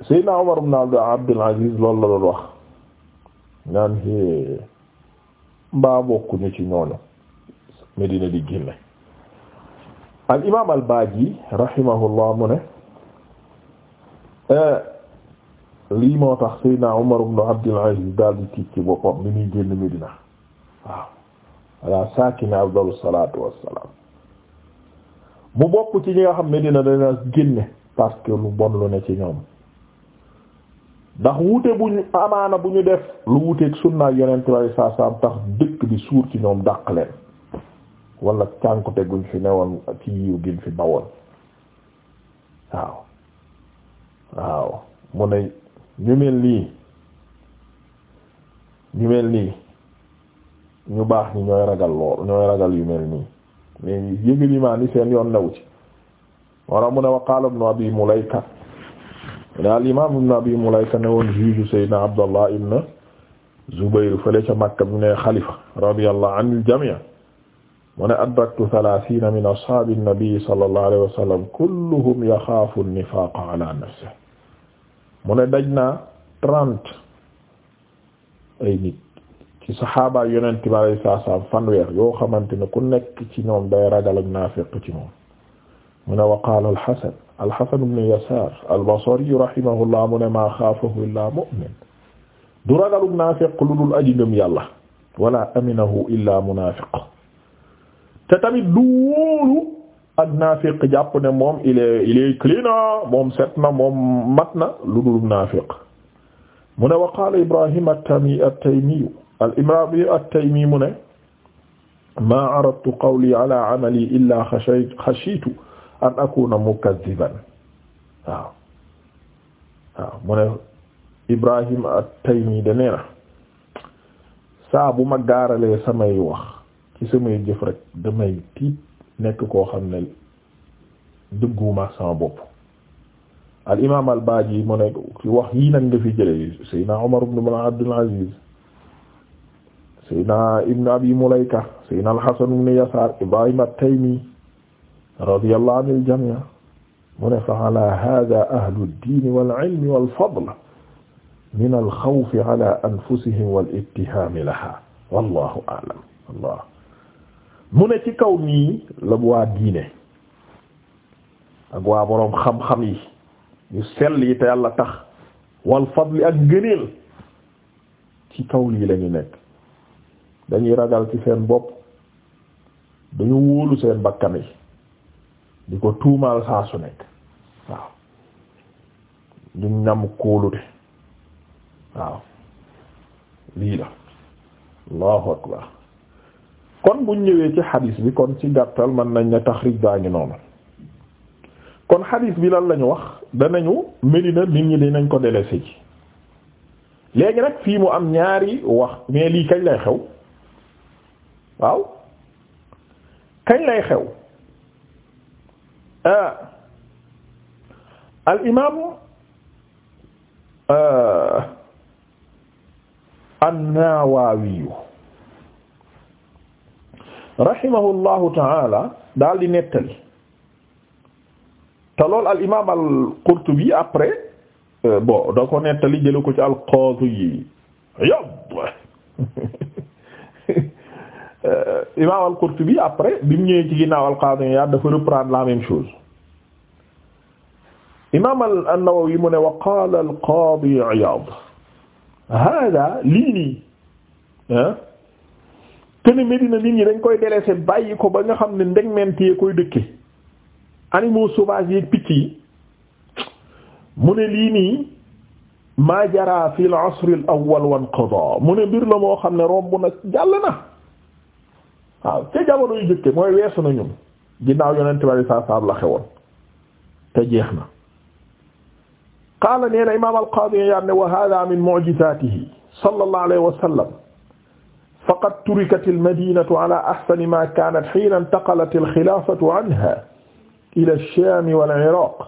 Seydina Umar ibn Abdul Aziz loolu la doon wax naan hee mbaa bokkuñu ci ñooñu Medina di génne al imaam al Baaji rahimahullah mu ne eh, lii moo tax Seydina Umar ibn Abdul Aziz daal di tiit ci boppam ni muy génn Medina waaw ala saakini afdalu salaatu wassalaam mu bokk ci ñi nga xam Medina dana génne parce lu bon lu ne ci ñoom ndax wute bu ñu amaana bu ñu def lu naa sunna yonent bi saa saam tax dëkk bi suur ci ñoom dàq leen wala cànkute guñ fi newoon ci yiw giñ fi bawoon waaw waaw mu ne ñu mel nii ñu baax ni ñooy ragal lool ñooy ragal yu mel nii mais yëgalimaa ni seen yoon new ci wala mu ne wa qaala ibnu abi mulayka daal imaam ibn Abi Mulayka ne woon juge Seydina Abdallah ibn Zubayr fële ca Makka bi ne xalifa radiyallahu anil jamii mu ne adraktu thalaathiina min ashaabi nabi sallallahu alayhi wa sallam kulluhum yaxaafu an-nifaaqa ala nafsihi mu ne daj naa trente ay nit ci saxaaba yonent bi alayhi salaam fanweer yoo xamante ne ku nekk ci ñoom day ragal ak naafiq ci moom. mu ne waqaala alxasan alxasan ibnu yasaar albasri rahimahullah mu ne maa xaafahu illaa mu'min du ragalub naafiq lu dul aji ngëm yàlla wala aminahu illaa munaafiq te tamit du wóolu ak naafiq jàpp ne moom il est il est clean moom set na moom mat na lu dul naafiq mu ne waqaala ibrahim at-taymi at-taymi al-imraawi at-taymi mu ne maa aradtu qawli ala amali illaa xashiitu an akuna mukazziban waaw waaw mu ne Ibrahim at-Taymi nee na saa bu ma gaaralee samay wax ci samay jëf rek damay tiit nekk koo xam ne dëgguma sama bopp al imaam al Baaji mu ne wax yii nag nga fi jële Seydina Umar ibn Abdul Aziz Seydina Ibn Abi Mulayka Seydina al Hasan Yasaar Ibrahim at radiyallahu anil jamii mu ne fa ala hada ahlu diini wal ilmi wal fadl min al xawfi ala anfusihim wal ittihaami laha wallahu a'lam allah mu ne ci kaw nii la waa diine ak waa boroom xam-xam yi yu sell yi te yàlla tax wal fadli ak ngëneel ci kaw lii lañu nekk dañuy ragal ci seen bopp dañu wóolu seen bakkan yi di ko tuumaal saa su nekk waaw duñ nam kóolute waaw lii la allahu akbar kon buñ ñëwee ci xadis bi kon ci gàttal mën nañ ne taxrij baa ngi noonu kon xadis bi lan lañu wax danañu Medina nit ñi dinañ ko délaissé ci léegi nag fii mu am ñaari wax mais lii kañ lay xew waaw kañ lay xew Ah. al imaamu ah, an-Nawawiyu rahimahullahu taala daal di nettali te lool al imaam al-Qurtubi après eh, bon da ko nettali jëlu ko ci al-Qaadi Iyaad Euh, Imam al-Qurtubi après bi mu ñëwee ci ginnaaw al-Qadi Iyaad la même chose Imam an-Nawawi mu ne wa qaala al-Qadi Iyaad hada lii nii ah kene Medina nit ñi dañ koy délaisser bàyyi ko ba nga xam ne ndegmeent yee koy dëkke animaux sauvages picc yi mu ne lii nii maa jara fi al-asr al wa inqada mu ne mbir la moo xam ne romb na jàll na. waaw ca jamono yu jëkke mooy weesu na ñun ginnaaw yonent bari saa saab la xewoon te jeex na qaala nee na imaam al-Qaadi Iyaad ne wa haaza min mu'jizaatihi sallallahu alayhi wa sallam faqad turikati al-madiinatu ala ahsani maa kaanat hiina intaqalat al-khilaafatu anhaa ila ash-Shaam wal-Iraaq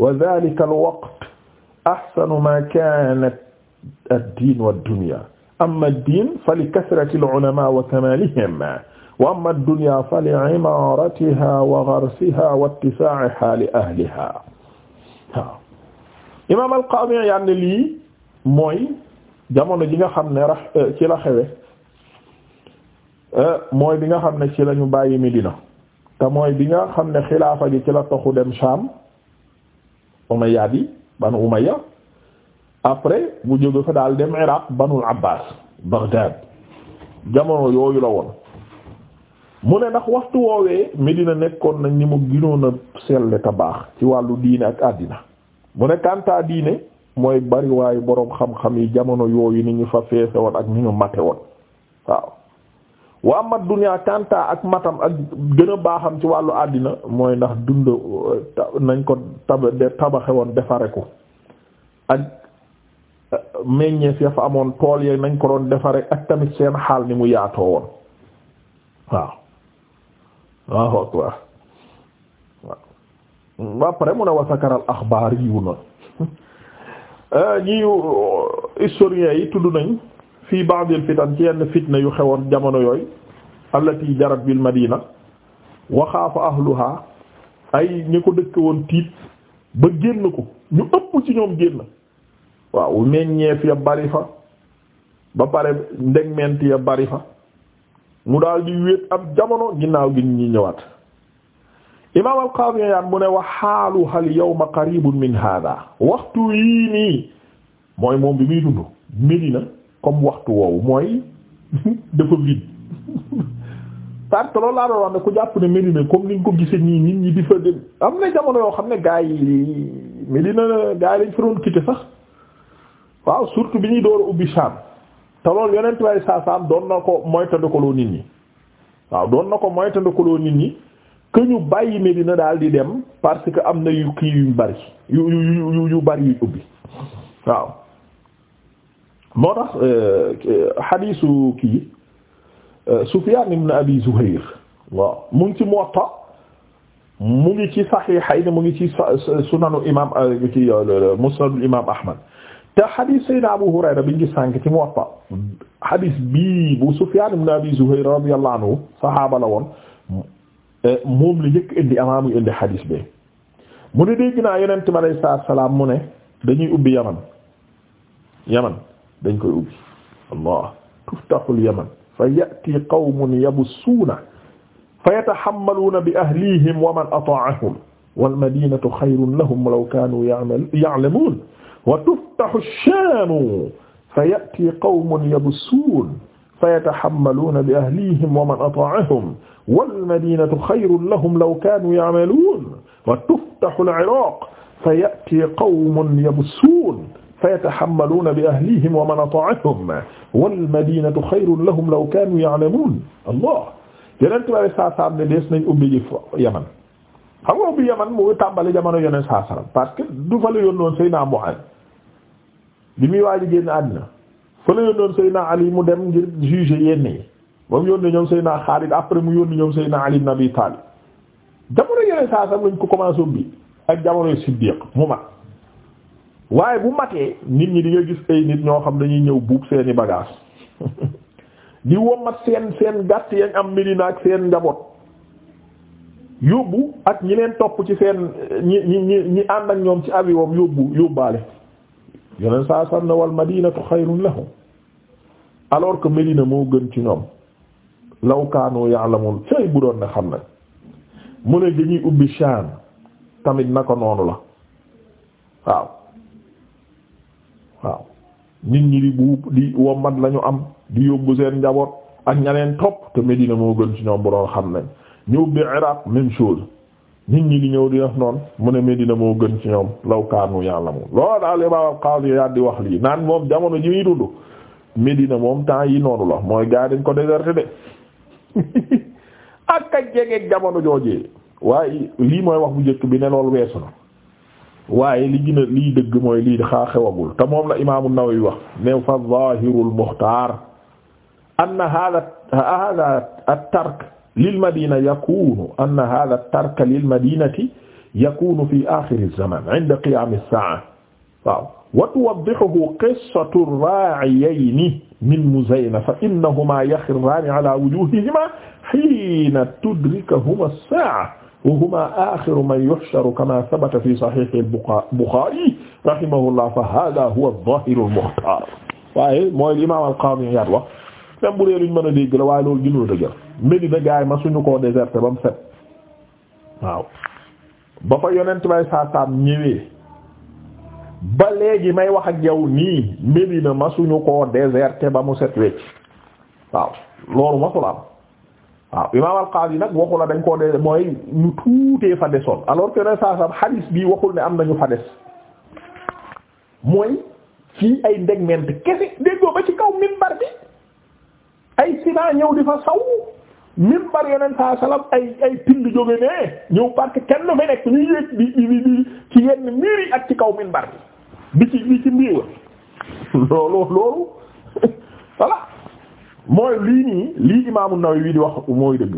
wa dhaalika al-waqt ahsanu maa kaanat ad-diin wad-dunyaa amma ad-diin falikathrati al-'ulamaa wa kamaalihim wa amma ad-dunya fa li lii mooy jamono ji nga xam ne eh, ci la xewe eh, mooy bi nga xam ne ci lañu bàyyi Medina te mooy bi nga xam ne xilaafa gi ci la toxu dem Sham Umayyad yi Banu Umayya après bu jóge fa daal dem Iraq Banul Abbaas Baghdad jamono yooyu la woon mu ne ndax waxtu woowee Medina nekkoon nañ ni mu ginoon a selle baax ci wàllu diine ak àddina mu ne kàntaa diine mooy bariwaayu boroom xam-xam yi jamono yooyu ni ñu fa feese woon ak ni ñu mate woon waaw waa mat duniyaa kàntaa ak matam ak gën a baaxam ci wàllu àddina mooy ndax dund nañ ko taba tabaxe woon defare ko ak euh, meññeef ya fa amoon tool ya nañ ko doon defare ak tamit seen xaal ni mu yaatoo woon waaw Allahu akbar waaw après mu ne wasakar al axbaar yiwu na eh, ñi historiens yi tudd nañ fii ba'd al fitan ci yenn fitna yu xewoon jamono yooyu allati jarat bil madina wa xaafa ahluha ay ñi ko dëkk woon tiit ba génn ko ñu ëpp ci ñoom génn waaw meññeef ya bari fa ba pare ndegment ya bari fa mu daal di wéet ab jamono ginnaaw gi ñu ñëwaat imaam al mu ne wa xaaluha al-yawma qariibun min haadaa waxtu yii nii mooy moom bi muy dund Medina comme waxtu woowu mooy dafa vide parce que loolu laa doon wax ne ku jàpp ne Medina comme ni nga ko gisee nii nit ñi di fa dem am na jamono yoo xam ne gaay yi Medina gaa yi fa doon quitter sax waaw surtout bi ñuy door a ubbi Sham te loolu yonent way saa saam doon na ko moytandikuloo nit ñi waaw doon na ko moytandikuloo nit ñi que ñu bàyyi Medina daal di dem parce que am na yu kii yu bari yu yu yu yu bari yu ubbi waaw moo tax xadiisu euh, euh, kii euh, Sufyaan ibn Abi Zuhayr waaw mu ngi ci Muwatta mu ngi ci Saxiixayni mu ngi ci sunanu imaam ci imaam Ahmad te xadis Seydina Abu Hurayra biñ gis sànk ci Muwatta xadis bii bu Sufyaan ibn Abi Zuhayr radiyallahu anhu saxaaba la woon moom li njëkk indi amaa muy indi xadis bi mu ne dégg naa Yonent bi alayhi salaatu salaam mu ne dañuy ubbi Yaman Yaman dañ koy ubbi Allah tuftaxul Yaman fa ya'ti qawmun yabussuuna fa yatahammaluuna bi ahlihim wa man ataa'ahum wal madiinatu xayrun lahum law kaanuu ya'lamuun wa tuftahu ash-shaamu fa ya'tii qawmun yabussuun fa yatahammaluuna bi ahlihim wa man ataa'ahum wal-madiinatu xayrun lahum law kaanuu ya'maluun wa tuftahu al-iraaq fa ya'tii qawmun yabussuun fa yatahammaluuna bi ahlihim wa man ataa'ahum wal-madiinatu xayrun lahum law kaanuu ya'lamuun allah yeneen tubaab yi saa saa am ne des nañ ubbi ji Yaman xam nga ubbi Yaman mu tàmbali jamono yeneen saa salaam parce que du fa la yónnoon Seydina Muhammad li muy waaj a génn àddina fa la yónnoon Seydina Ali mu dem ngir juger yenn yi ba mu yónni ñoom Seydina Xaalid après mu yónni ñoom Seydina Ali na Abi Talib jamono yeneen saa sam lañ ko commencé ubbi ak jamono Siddiq mu mat waaye bu matee nit ñi di nga gis ay nit ñoo xam dañuy ñëw buub seeni bagage di wommat seen seen gàtt yañ am Medina ak seen njaboot yóbbu ak ñi leen topp ci seen ñi ñi ñi ànd ak ñoom ci avion yóbbu yóbbaale yeneen saa sam ne wal madinatu xayrun lahum alors que Médina moo gën ci ñoom law kaanu moom cay bu doon ne xam na mu ne dañuy ubbi Sham tamit naka noonu la waaw waaw nit ñi di buub di wommat lañu am di yóbbu seen njaboot ak ñaneen topp te Médina moo gën ci ñoom bu doon xam nañ ñu ubbi Iraq même chose nit ñi di ñëw di def noonu mu ne Medina moo gën ci ñoom law kaanu yàlla moom loolu daal imaam qaadi Iyaad di wax lii naan moom jamono ji muy dund Medina moom temps yi noonu la mooy gaa dañ ko déserté de ak a jege jamono joojee waaye lii mooy wax bu jëkk bi ne loolu weesu na waaye li gën a lii dëgg mooy lii xaa xewagul te moom la imaamu Nawawi wax ne fa zaahirul muxtaar anna haaza haaza at-tark lil madina yakunu anna hadha tarka lil madinati yakunu fi akhir az-zaman 'inda qiyam as-sa'a waaw wa tuwaddihuhu qissatu ar-ra'iyayn min Muzayna fa innahuma yakhrani 'ala wujuhihima hina tudrikuhuma as-sa'a wa huma akhiru man yuhsharu kama thabata fi sahih al-Bukhari rahimahullah fa hadha huwa adh-dhahir al-mukhtar waaye mooy imam al-Qadi Iyad wax même bu dee luñ mën a dégg la waaye loolu gënul dëgër Medina gaay ma suñu koo déserté ba mu set waaw ba fa yonent bay saasaam ñëwee ba léegi may wax ak yow nii Medina ma suñu koo déserté ba mu set wecc waaw loolu masul am waaw imaam al-Qaadi nag waxu dañ koo dee mooy ñu tuutee fa waxul ne am nañu fa des mooy fii ay ndegment kese déggoo ba ci kaw minbar bi ay sida ñëw di fa saw minbar yeneen saa salam ay ay till jóge nee ñëw parce kenn fi nekk ñu yéeg di di di ci yenn miir ak ci kaw minbar bi di ci di ci mbiiwa loolu loolu voilà mooy lii nii lii imaamu Nawawi di wax mooy dëgg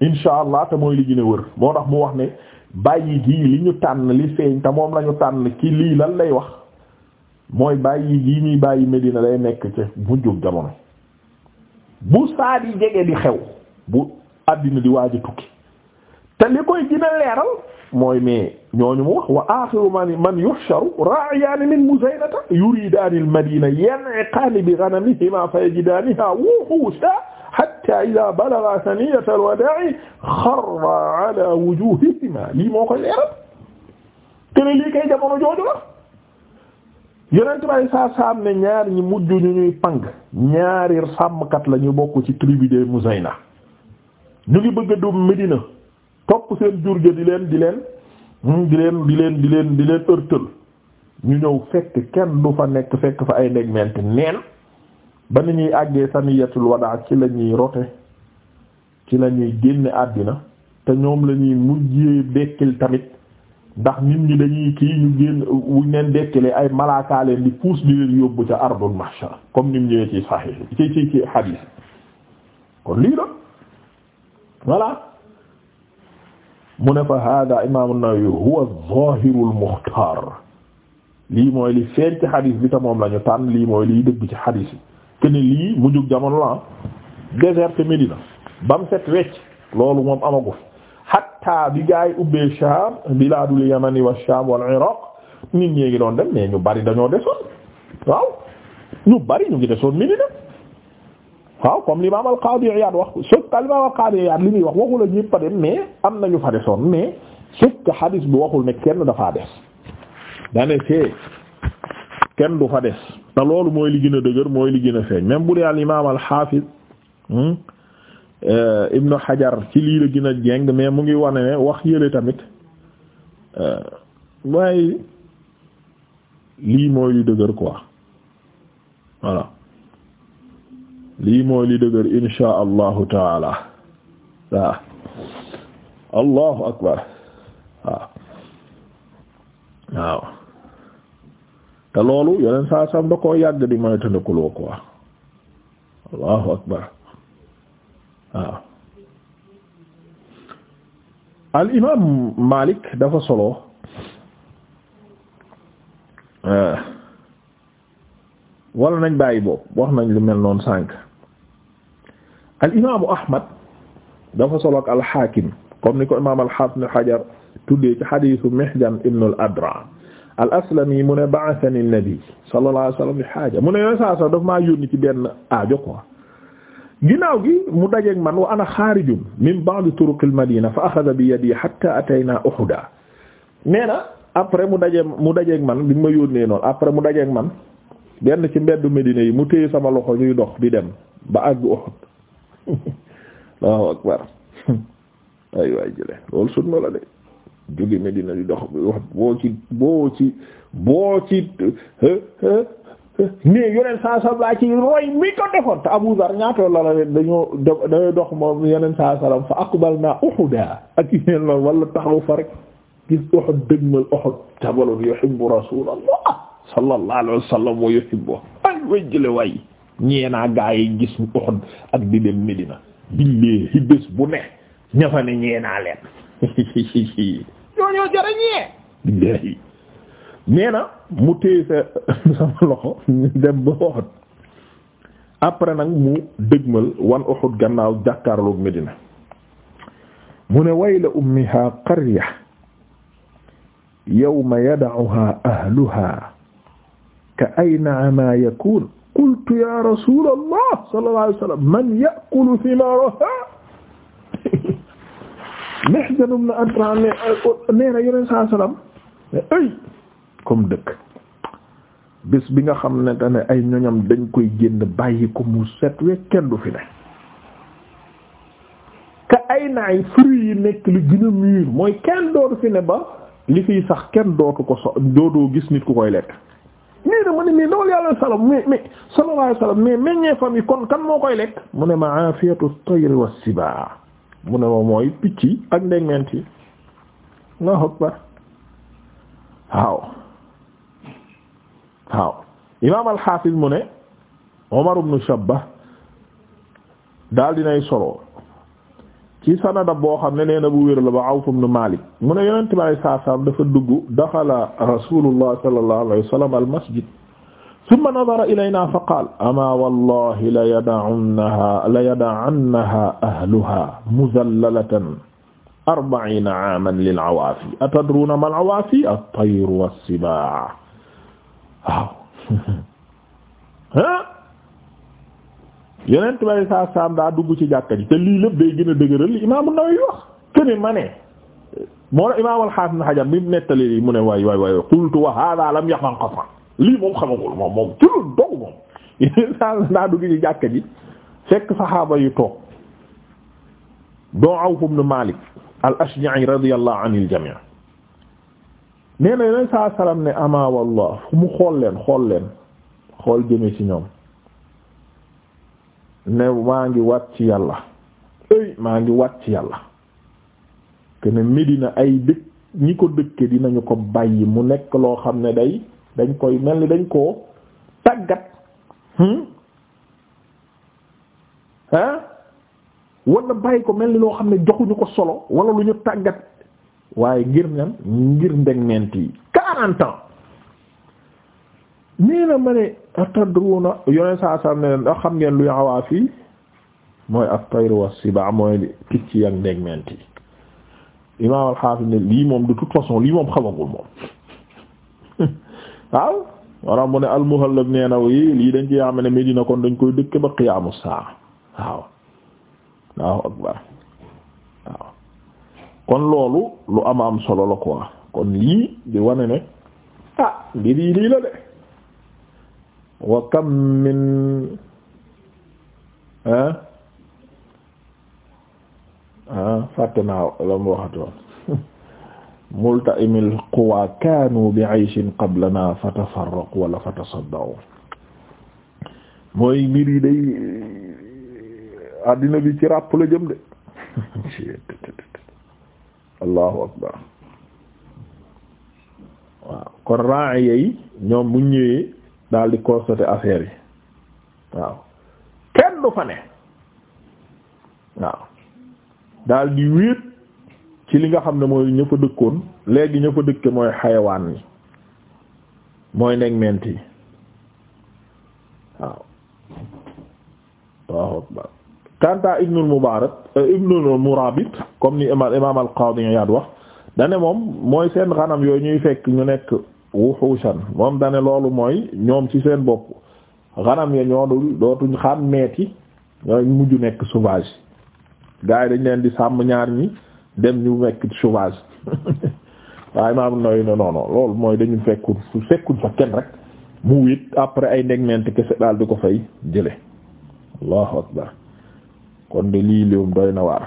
insha te mooy li gën a wër moo tax mu wax ne bàyyi gii li ñu tànn li feeñ te moom lañu tànn ki lii lan lay wax mooy bàyyi gii ñuy bàyyi Medina lay nekk ci mujjug jamono bu saa di jege di xew bu àddina di waaj a tukki te li koy gën a leeral mooy mais ñooñu mu wax wa axiru man man yuhsharu ra'iyaani min muzaynata yuridaani al-madiina yan'iqaani bi ghanamihimaa fayajidaanihaa wuhuushan hattaa idhaa balaghaa saniyata al-wadaa'i xarra alaa wujuuhihimaa lii moo koy leeral te lii kay jamono jooju la yonent bay saa saam ne ñaar ñi mujj ñu ñuy pang ñaari sàmmkat la ñu bokk ci tribu de na ñu ngi bëgg a dum Medina topp seen jur gi hmm, di leen di leen di leen leen leen di leen ërtël ñu ñëw fekk kenn du fa nekk fekk fa ay ndegment neen ba ni ñuy àggee saniyatul wadaa ci la ñuy rote ci la ñuy génne àddina te ñoom la ñuy mujjee dekkil tamit ndax nit ñi lañuy kii ñu génn wuñ leen dekkale ay malaaka leen puus di leen yóbbu ca ardul mahshar comme ni mu ñëwee ci sahih ci ci ci hadith kon lii la voilà mu ne fa hada imam an huwa az-zahirul mukhtar lii mooy li feeñ ci hadith bi te moom la ñu tànn lii mooy liy dëgg ci hadith yi que ne lii mu jug jamono la ah. désert Médina bam set wecc loolu moom amagu fi hatta bi gaa yi ubbee Sham bilaadul yamani wa Sham wal Iraq nit ñi ngi doon dem mais ñu bari dañoo desoon waaw ñu bari ñu ngi desoon Medina waaw comme l'imam al-Qadi Iyad wax sauf que l'imam al-Qadi Iyad li muy wax waxul la ñëpp a dem mais am nañu fa desoon mais sauf que hadis bi waxul ne kenn dafaa des dane see kenn du fa des te loolu mooy li gën a dëgër mooy li gën a feeñ bu dee al imam al-Hafiz hmm, Euh, ibnu Hajar ci lii la gën jeng mais mu ngi wane ne wax yële tamit euh, waaye lii mooy li dëgër quoi voilà lii mooy li dëgër insha allahu taala waaw allahu akbar waaw te loolu yeneen saa sam da koo yàgg di moytandikuloo quoi allahu akbar waaw al imaam Malik dafa solo eh, wala nañ bàyyi boobu wax nañ lu mel noonu sànq al imaamu Ahmad dafa solo ak al Hakim comme ni ko imaam al Hafiz Hajar tuddee ci hadiisu Mihjan ibn al Adra al aslami mu ne ba'athani an-nabi sallallahu alayhi wa sallam bi haaja mu ne yooyu saa sax daf maa yónni ci benn aajo quoi. ginnaaw gi mu dajeeg man wa ana xaarijun min ba'd turuqil madina fa axada bi yadi hatta atayna uhuda nee na après mu dajeeg mu dajeeg man bi ma yónnee noonu après mu dajeeg man benn ci mbeddu Medina yi mu téye sama loxo ñuy dox di dem ba àgg Uhud Allahu akbar ay waay jële loolu sunna la de jóge Medina di dox boo ci boo ci boo ci mais yeneen saa salaam laa ci roy mi ko defoon te Abu Zar ñaata la la dañoo dañoo dox moom yeneen saa salaam fa aqbalna Uhuda ak yeneen loolu wala taxaw fa rek gis Uhud dëgmal Uhud jabalun yuhibbu Rasulullah sallallahu alayhi wa sallam wa yuhibbu gis Uhud ak di dem Medina billahi bés bu ne ña fa ne ñeenaa leen ñoo ñoo jara nee na mu téye sa sama loxo dem ba Uhud après nag mu dëgmal wan Uhud gannaaw jàkkaarloog Medina mu ne wayla ummiha qarya yawma yada'uha ahluha ka ayna ma yakun qultu ya rasul allah man ya'kulu thimaraha Mihjan ibn Atrane nee na yeneen salaam comme dëkk bis bi nga xam ne ne ay ñoñam dañ koy génn bàyyi ko mu set we kenn du fi ne ka ay naay fruits yi nekk lu gën a mooy kenn dootu fi ne ba li fiy sax kenn dootu ko so dootoo gis nit ku koy lekk nii da ma ne mii dawal yàlla salam mais mais sallallahu alayhi wasallam mais meññeefam yi kon kan moo koy lekk mu ne ma afiyatu tayr wa sibaa mu ne ma mooy picc yi ak ndegment yi waaw waaw imaam alxaafis mu ne Umar ibn Shabbah daal dinay solo ci sanada boo xam ne nee na bu wér la ba Awf ibn Malik mu ne yonent bi alayhi salaatu salaam dafa dugg daxala rasulullah sallallahu alayhi wa sallam al masjid summa nadara ilayna fa qaal ama wallahi la yada'unnaha la yada'annaha ahluha mudallalatan arba'iina aaman lil awaafi atadruuna mal awaafi at-tayru was-sibaa waaw ah yeneen tubaab yi saa saam daa dugg ci jàkka ji te lii lépp day gën a dëgëral li Imaam An-Nawawi wax que ni ma ne moo Imaam al-Hafiz Ibn Hajar mi nettali lii mu ne waay waay waay qultu wa hadha lam yaqan qat'an lii moom xamagul moom moom ci lu dog moom yeneen saa daa dugg ci jàkka ji fekk saxaaba yu toog doo Awf ibn Malik al-Ashja'i radiyallahu anil jami' nee na yeneen saa salaam ne ama wallah fu mu xool leen xool leen xool jëme ci ñoom ne maa ngi wat ci yàlla ey maa ngi wat ci yàlla kene Medina ay dëkk ñi ko dëkke dinañu ko bàyyi mu nekk loo xam ne day dañ koy mel ni dañ koo tàggat ah wala bàyyi ko mel ni loo xam ne joxuñu ko solo wala lu ñu tàggat waaye ngir ñan ngir ndegmeent yi quarante ans nee na ma ne atadruna yoneen saa saa ne ndax xam ngeen luy awaaf fii mooy ab tayr wa sibaa mooy picc yi ak ndegmeent yi imaam al ne lii moom du toute façon lii moom xamagul moom waaw waraam mu ne al-Muhallab nee na yi lii dañ ci xam ne Medina kon dañ koy dëkk ba qiyaamu saa waaw waaw akbar kon loolu lu ama am solo la quoi kon lii di wane ne ah mbir yi lii la de wa kam min ah ah fàtte naa la mu waxatoon multa'imil quwa kaanu bi'ayshin qablana fatafarraqu wala fatasadda'u mooy mbir yi addina bi ci ràpp la jëm de allahu akbar waaw kon raaya yi ñoom bu ñëwee daal di constater affaire yi waaw kenn du fa ne waaw daal di wéet ci li nga xam ne mooy ña fa dëkkoon léegi ña fa dëkke mooy xayawaan ni mooy nekk ment yi waaw allahu akbar kanta ibnul Mubaarak euh, ibnul Murabit comme ni imaam al-Qaadi Iyaad wax dane moom mooy seen xanam yooyu ñuy fekk ñu nekk wuxuusan moom dane loolu mooy ñoom ci seen bopp xanam ya ñoo dul dootuñ xam meeti ñooy mujj nekk sauvage gars yi dañ leen di sàmm ñaar ñi dem ñu nekk sauvage waaye imaam Nawawi ne non loolu mooy dañu fekkul su fekkul fa kenn rek mu wit après ay ndegmeent kese daal di ko fay jële kon de lii lium doy na war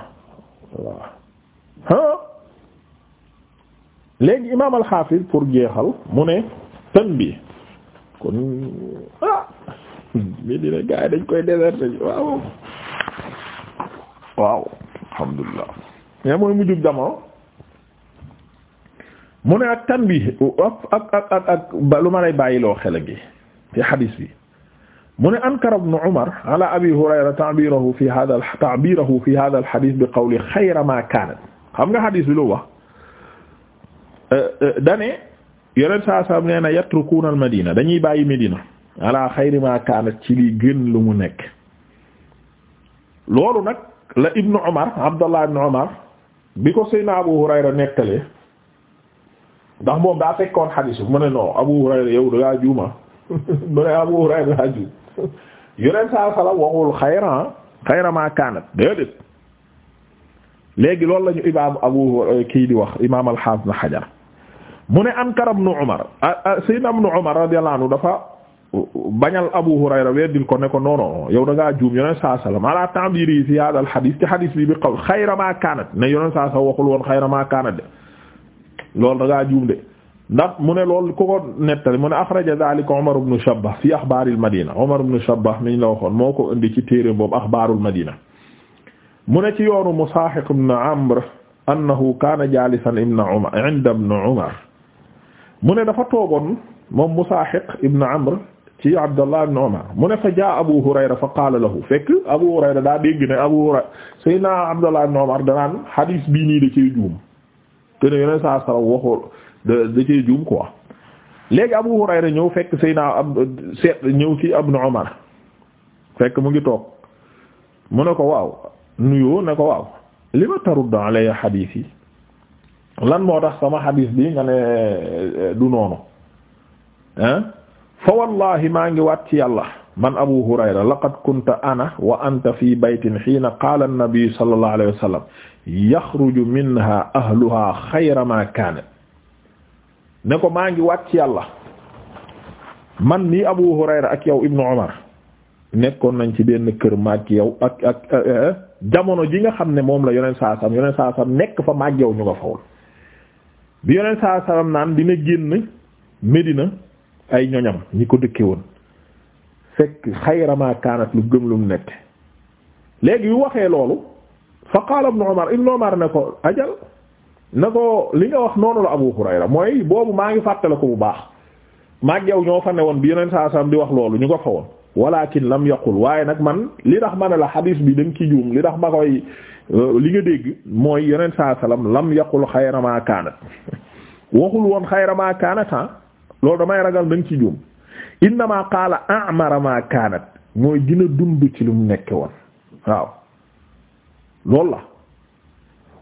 waaw léegi imaam alxaafis pour géexal mu ne tanbi kon ah mi dina gaa yi dañ koy déserté ji waaw waaw alhamdulillah mais mooy mujjub jamono mu ne ak tanbi ak ak ak ak lu ma lay bàyyiloo xel a ngi ci xadiis bi mu ne ankara ibn Umar ala abi Hurayra ta'birahu fi hadha ta'birahu fi hadha al-hadith bi qawli xayra ma kaanat xam nga hadith bi lu wax euh, euh, dane yonent saa salam nee na yatrukuna al madina dañuy bàyyi Medina ala xayri ma kaanat ci li gën lu mu nekk loolu nag la ibn Umar Abdallah ibn Umar bi ko Seydina Abu Hurayra nettalee ndax moom daa fekkoon hadith bi mu ne non Abu Hurayra yow dangaa juuma mu ne Abu Hurayra daa juum yonent saa sala waxul xayra xayra ma kaanat déedéet léegi loolu lañu ñu imaam abu kii di wax imaam al-Hafiz na Hajar mu ne ankara ibn Umar sayyidina ibn Umar radiyallahu anhu dafa bañal Abu Hurayra weddil ko ne ko non non yow da ngaa juum yonent saa sala ala ta'biri fi hadha al-hadith ci bi bi xaw xayra ma kaanat ne yonent saa sala waxul woon xayra ma kaanat de loolu da juum de. ndax mu ne loolu ku ko nettali mu ne axraja zalika Umar ibn Shabbah fi axbaaril Madina Umar ibn Shabbah mi ñu la waxoon moo ko indi ci téere boobu axbaarul Madina mu ne ci yoonu Musaahiq ibn Amr annahu kaana jaalisan ibna Umar inda ibn Umar mu ne dafa toogoon moom Musaahiq ibn Amr ci Abdallah ibn Umar mu ne fa jaa Abu Hurayra fa qaala lahu fekk Abu Hurayra daa dégg ne Abu Hurayra Seydina Abdallah ibn Umar danaan xadiis bii nii da cee juum te ne yeneen saa sara waxoo da da cee juum quoi léegi Abu Hurayra ñëw fekk Seydina ab seet ñëw ci Ibnu Umar fekk mu ngi toog mu ne ko waaw nuyoo ne ko waaw li ma taruddu alayya xadiis lan moo tax sama xadiis bi nga ne eh, du noonu ah fa wallahi maa ngi waat ci yàlla man Abu Hurayra laqad kunta ana wa anta fi baytin xiina qaala an-nabi sallallahu alayhi wa sallam minha ahluha xayra ma kaanat ne ko maa ngi waat ci yàlla man mii Abu Hurayra ak yow Ibnu Umar nekkoon nañ ci benn kër maag yow ak ak eh, eh, eh, jamono ji nga xam ne moom la yoneen saa sam yoneen saa sam nekk fa maag yow ñu nga fawul bi yoneen saa sam naan dina génn Medina ay ñoñam ñi ko dëkke woon fekk xayramaa kaanat lu gëm lu nekk léegi yu waxee loolu fa qaala Ibnu Ibnu Umar ne ko ajal na ko li nga wax noonu la Abu Hurayra mooy boobu maa ngi fàttale ko bu baax maag yow ñoo fa ne woon bi yeneen saa sam di wax loolu ñu ko fa woon walakin lam yokkul waaye nag man li tax ma ne la xadiis bi da nga ci juum li tax ma koy euh, li nga dégg mooy yeneen saa salaam lam yaqul xayra ma kaanat waxul woon xayra ma kaanat ah loolu damay ragal da ci juum innama qaala a'mara ma kaanat mooy gën a dund ci lu mu nekke woon waaw loolu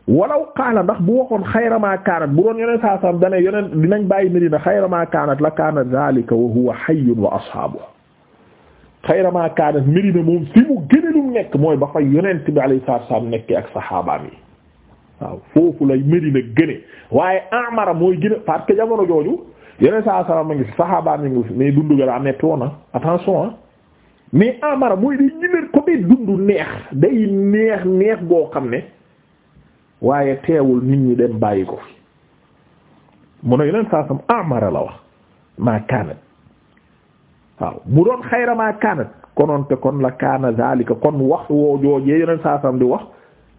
walaw qaala ndax bu waxoon xayramaa kaanat bu doon yoneen saa saam dane yoneen dinañ bàyyi Medina xayramaa kaanat la kaana zaalika wa huwa hayyun wa ashaabu xayramaa kaanat Medina moom fi mu gëne lu nekk mooy ba fa yonent bi alayhi salaatu salaam nekkee ak saxaabaam yi waaw foofu lay Medina gëne waaye amara mooy gëne parce que jamono jooju yoneen saa salaam a ngi fi saxaabaam yi ngi mais dundu ga mettoo na ah, attention ah mais amara mooy day ñëwee côté dundu neex neex neex xam ne. waaye teewul nit ñi dem bàyyi ko fi mu ne yeneen saa amara la wax ma kaanat waaw bu doon xayra maa kaanat konoon te kon la kaana zalika kon wax woo joojee yeneen saa di wax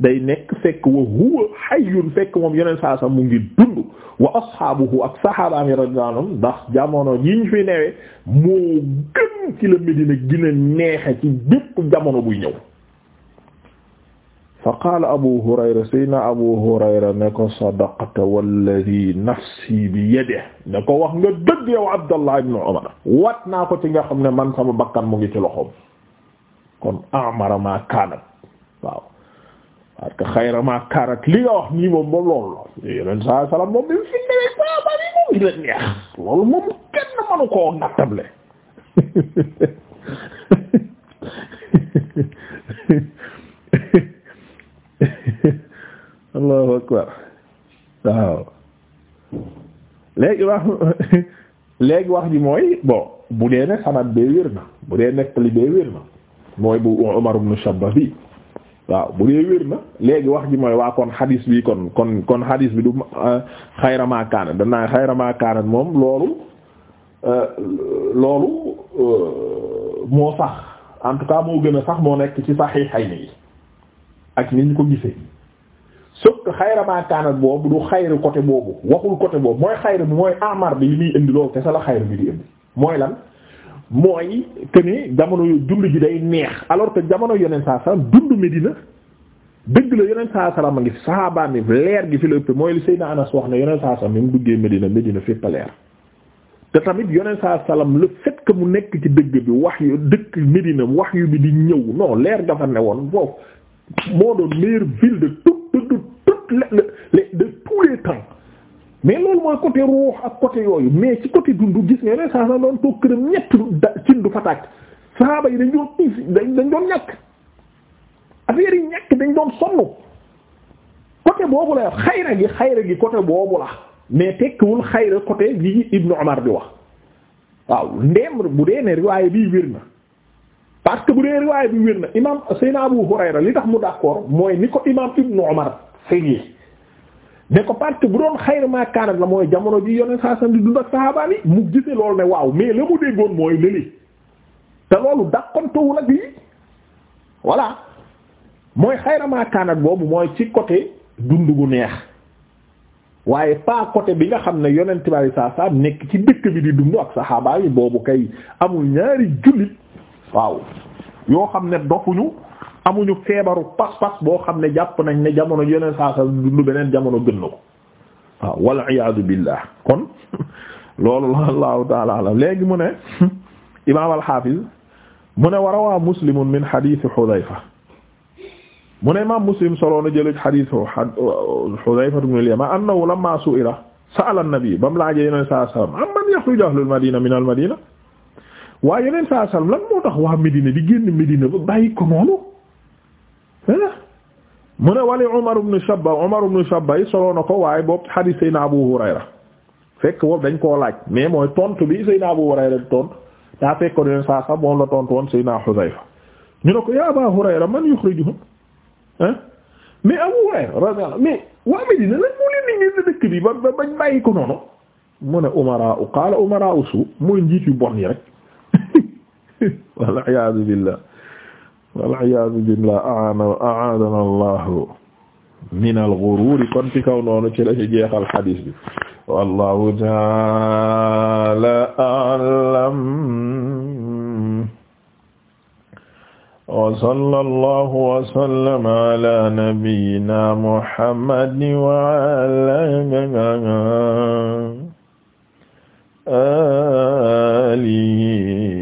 day nekk fekk wa huwa hayyun fekk moom yeneen saa mu ngi dund wa ashaabuhu ak saxaabaam yi radiyallahu anhum ndax jamono yi ñu fi newee moo gën ci la Medina gën a neexe ci bépp jamono buy ñëw fa qaala abu hurayra saydna abu hurayra ne ko sadaqta walladi nafsi bi yadihi ne ko wax nga dëgg yow abdallah ibn umar wat naa ko ci nga xam ne man sama bakkan mu ngi ci loxoom kon amara ma kaanat waaw parce que xayra ma kaanat li wax nii moom moom loolu la yeneen saa salaam moom bi fi allahu akbar waaw léegi wax léegi wax ji mooy bon bu dee ne sanad bee wér na bu dee nettali bee wér na mooy bu Umar ibn Shabba bi waaw bu dee wér na léegi wax ji mooy waa kon xadis bi kon kon kon bi du euh, xayra ma danaa xayra ma moom loolu euh, loolu euh, moo sax en tout cas moo gën a sax moo nekk ci Sahihayni ak ni ñu ko gisee sauf que boobu du xayru côté boobu waxul côté boobu mooy xayru bi mooy amar bi li muy indi te sa la xayru bi di indi mooy lan mooy que ni jamono dund ji day neex alors te jamono yeneen saa salaam dund Medina dëgg la yeneen saa salaam a ngi saxaabaa mi leer gi fi la ëpp mooy li Seydina Anas wax ne yeneen saa salaam mi mu duggee Medina Medina fépp a leer te tamit yeneen saa salaam le fait que mu nekk ci dëgg bi wax yu dëkk Medina wax yu di ñëw non leer dafa ne woon foofu. moo doon meilleure ville de tout de de tout de tous temps mais loolu mooy côté ruux ak côté yooyu mais ci côté dundu gis nga ne saa doon toog këram ñett da cin du fataak saxaaba yi dañ doon piis dañ doon ñàkk affaire yi ñàkk dañ doon sonn côté boobu la xayra gi xayra gi côté boobu la mais tekkiwul xayra côté gi Ibnu Umar di wax waaw ndéem bu dee ne riwaaye bii wér na. parce que bu dee riwaay bi wér na imaam Seyna Abu Hurayra li tax mu d'accord mooy ni ko imaam Ibnu Umar sëñee ne ko parce que bu doon xayr ma la mooy jamono ji yoneen saa san di dund ak saxaabaan yi mu gisee loolu ne waaw mais la mu déggoon mooy lëli te loolu dàqantewul ak lii voilà mooy xayr ma boobu mooy ci côté dund gu neex waaye pas côté bi nga xam ne yonent bi saa nekk ci dëkk bi di dund ak saxaabaan yi boobu kay amul ñaari jullit waaw yoo xam ne dofuñu amuñu feebaru pas-pas boo xam ne jàpp nañ ne jamono yeneen saa sa dund beneen jamono gën na ko waaw wal iyaadu billah kon loolu allahu taala alam léegi mu ne imaam alxaafiz mu ne war a waa muslimun min xadiisi xudayfa mu ne imaam muslim soloona jëlëj xadiisi xudayfa ibn al-yamaan annahu lamma su'ila sa'ala an-nabi bam laaje yeneen saa sa am man yaxruju ahlul madina min al madina waaye yeneen saa sallam lan moo tax waa Medina di génn Medina ba bàyyi ko noonu ah mu ne wali Umar ibn Shabba Umar na ko waaye boobu xadiis Seydina Abu Hurayra fekk boobu dañ laaj mais mooy tontu bi Seydina Abu Hurayra di tontu daa fekk ko yeneen la tontu woon Seydina Xudayfa ñu ne ko yaa Aba Hurayra man yuxrijuhum ah mais mu ne umara'u qala umara'u su mooy njiit yu bon yi rek wal iyaazu billah wal iyaazu billah aana aadana allahu min al ghuruur kon ci kaw noonu ci la ci jeexal xadiis bi wallahu taala a'lam wa sallallahu wa sallama ala nabiyyina muhammadin wa ala alihi